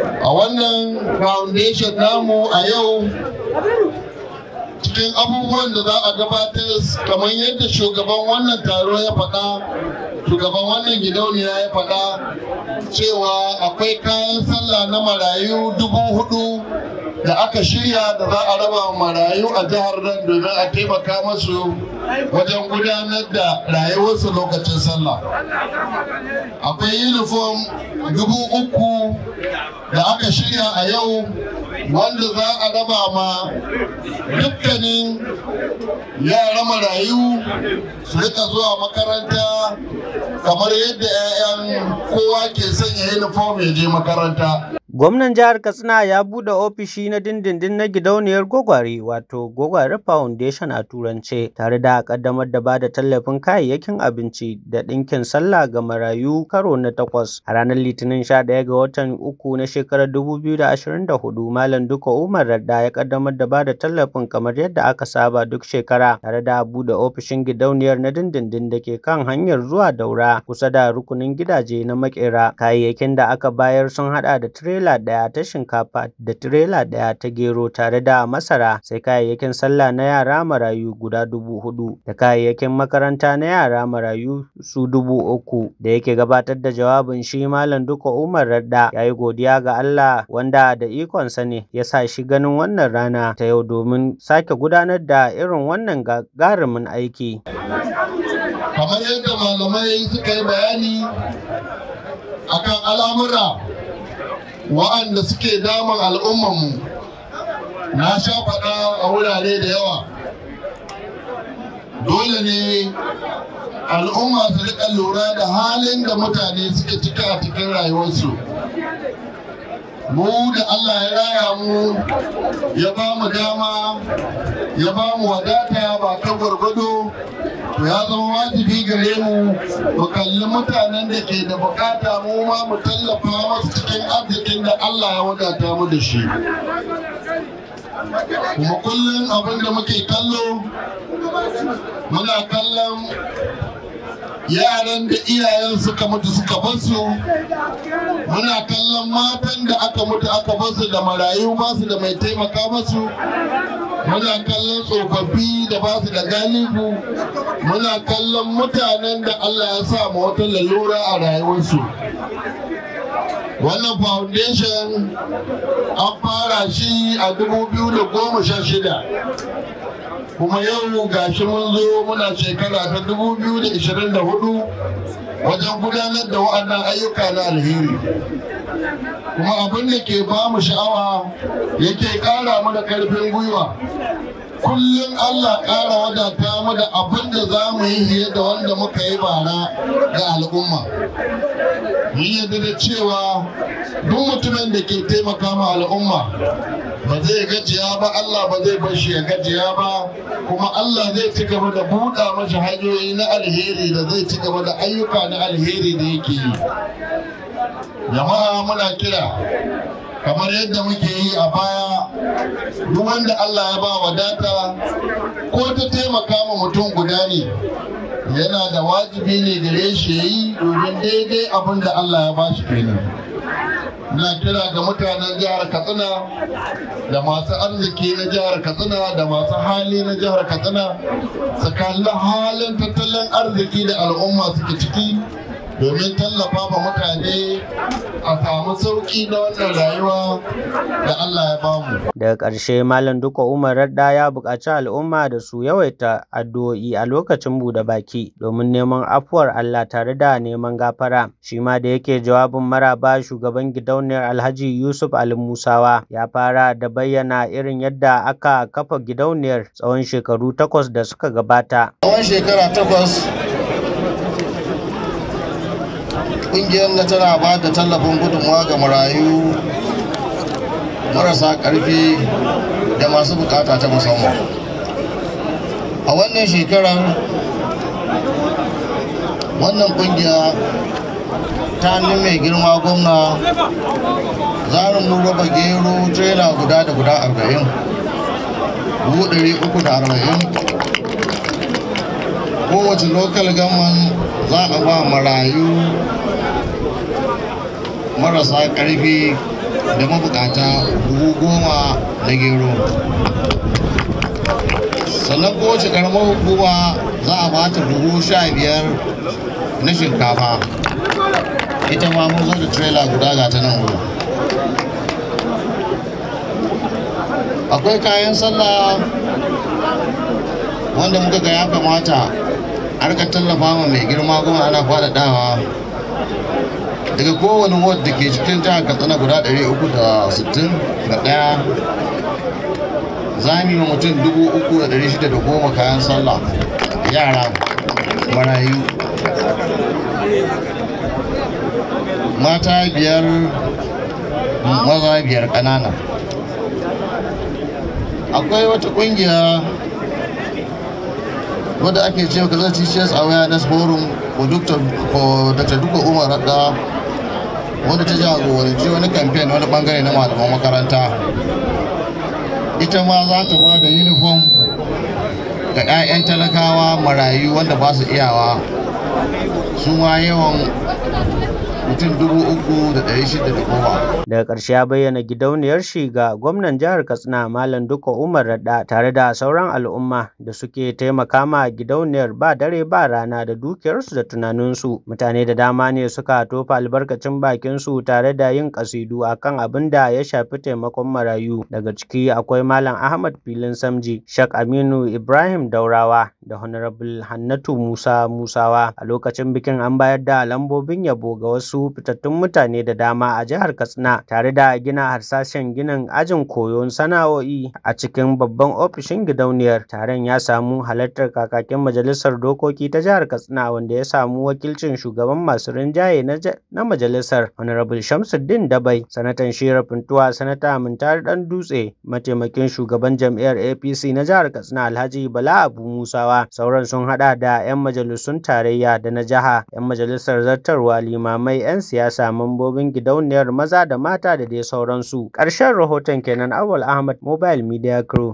a wannan foundation namu a yau cikin abubuwan da za a gabatar kamar yadda shugaban wannan taro ya faɗa shugaban wannan gidauniya ya faɗa cewa akwai kayan sallah na marayu dubu hudu da aka shirya da za a raba marayu a jihar nan domin a taimaka masu wajen gudanar da rayuwarsu lokacin sallah akwai uniform dubu uku da aka shirya a yau wanda za a raba ma dukkanin yara marayu su rika zuwa makaranta kamar yadda 'ya'yan kowa ke sanya uniform ya je makaranta Gwamnan Jihar Katsina ya buɗe ofishi na dindindin na gidauniyar Gwagware wato Gwagware Foundation a Turance tare da ƙaddamar da bada tallafin kayayyakin abinci da ɗinkin sallah ga marayu karo na takwas. A ranar Litinin sha 11 ga watan uku na shekarar da hudu, Malam Duka Umar Radda ya ƙaddamar da bada tallafin kamar yadda aka saba duk shekara tare da buɗe ofishin gidauniyar na dindindin da ke kan hanyar zuwa Daura kusa da rukunin gidaje na Makera. Kayayyakin da aka bayar sun haɗa da trailer tirela ɗaya ta shinkafa da tirela ɗaya ta gero tare da masara sai kayayyakin sallah na yara marayu guda dubu hudu da kayayyakin makaranta na yara marayu su dubu uku da yake gabatar da jawabin shi malam duka umar radda ya yi godiya ga allah wanda da ikonsa ne ya sa shi ganin wannan rana ta yau domin sake gudanar da irin wannan gagarumin aiki kamar yadda malamai suka yi bayani akan al'amura wa'anda suke damar al'ummanmu na sha faɗa a wurare da yawa dole ne al'umma su riƙa lura da halin da mutane suke cika a cikin rayuwarsu mu da Allah ya raya mu ya ba mu dama ya ba mu wadata ba ta gwargwado to ya zama wajibi gare mu mu kalli mutanen da ke da bukata mu ma mu tallafa masu cikin arzikin da Allah ya wadata mu da shi kuma kullum abin da muke kallo muna kallon yaran da iyayen suka mutu suka basu muna kallon matan da aka mutu aka basu da marayu basu da mai taimaka masu. muna kallon tsofaffi da ba su da galibu muna kallon mutanen da Allah ya sa ma wata lalura a rayuwarsu wannan foundation an fara shi a 2016 kuma yau gashi mun zo muna shekara ta 2024 wajen gudanar da wa'annan ayyuka na alheri kuma abin da ke ba mu sha'awa yake ƙara mana karfin gwiwa kullum Allah ƙara wadata mu da abin da za mu yi fiye da wanda muka yi bara ga al'umma. yi yadda da cewa duk mutumin da ke taimaka ma al'umma ba zai gajiya ba Allah ba zai bar shi ya gajiya ba kuma Allah zai ci gaba da buɗa mashi hanyoyi na alheri da zai ci gaba da ayyuka na alheri da yake yi jama'a muna kira kamar yadda muke yi a baya duk wanda Allah ya ba wadata ko ta taimaka ma mutum guda ne yana da wajibi ne gare shi yi domin daidai abin da Allah ya ba shi kenan na kira ga mutanen jihar katsina da masu arziki na jihar katsina da masu hali na jihar katsina tsakanin kalli halin tattalin arziki da al'umma suke ciki domin tallafa ba mutane a samu sauƙi na wannan rayuwa da Allah ya bamu. Daga ƙarshe Malam Duka Umar Radda ya buƙaci al'umma da su yawaita addu'o'i a lokacin buɗe baki domin neman afuwar Allah tare da neman gafara. Shi ma da yake jawabin maraba shugaban gidauniyar Alhaji Yusuf Ali Musawa ya fara da bayyana irin yadda aka kafa gidauniyar tsawon shekaru takwas da suka gabata. Tsawon shekara takwas kungiyar na tana ba da tallafin gudunmawa ga marayu marasa karfi da masu bukata ta musamman a wannan shekarar wannan kungiya ta hannun mai girma gwamna zarin nuna raba gero trailer guda da guda arba'in dubu uku da arba'in kowace lokal gaman za a ba marayu marasa karfi da mabukata dubu goma na gero sannan kowace karamar hukuma za a bata dubu sha biyar na shinkafa ita ma mun zo da trela guda ga ta nan wuri akwai kayan sallah wanda muka ga ya kamata harkar tallafa ma mai girma kuma ana faɗaɗawa daga kowane ward da ke cikin jihar katsina guda 361 za mu yi wa mutum 3,610 kayan sallah yara marayu mata biyar maza biyar ƙanana akwai wata ƙungiya wadda ake cewa kazan teachers awareness forum for dr duka umar radda wanda ta jagoranci wani kamfen wani bangare na malaman makaranta ita ma za ta ba da uniform ga 'ya'yan talakawa marayu wanda ba su iyawa su ma yawan mutum dubu uku da ɗari shida da goma. Daga ƙarshe ya bayyana gidauniyar shi ga gwamnan jihar Katsina Malam Duka Umar Radda tare da sauran al'umma da suke taimaka ma gidauniyar ba dare ba rana da dukiyarsu da tunaninsu. Mutane da dama ne suka tofa albarkacin bakin su tare da yin kasidu akan abin da ya shafi taimakon marayu. Daga ciki akwai Malam Ahmad Filin Samji, Shak Aminu Ibrahim Daurawa da Honorable Hannatu Musa Musawa. A lokacin bikin an bayar da lambobin yabo ga wasu wasu fitattun mutane da dama a jihar Katsina tare da gina harsashen ginin ajin koyon sana'o'i a cikin babban ofishin gidauniyar. Taron ya samu halartar kakakin majalisar dokoki ta jihar Katsina wanda ya samu wakilcin shugaban masu rinjaye na majalisar Honorable Shamsuddin Dabai, sanatan Shira Funtuwa, sanata Mintari Dan Dutse, mataimakin shugaban jam'iyyar APC na jihar Katsina Alhaji Bala Abu Musawa. Sauran sun hada da 'yan majalisun tarayya da na jiha, 'yan majalisar zartarwa limamai 'yan siyasa mambobin gidauniyar maza da mata da dai sauransu. Ƙarshen rahoton kenan Awal Ahmad Mobile Media Crew.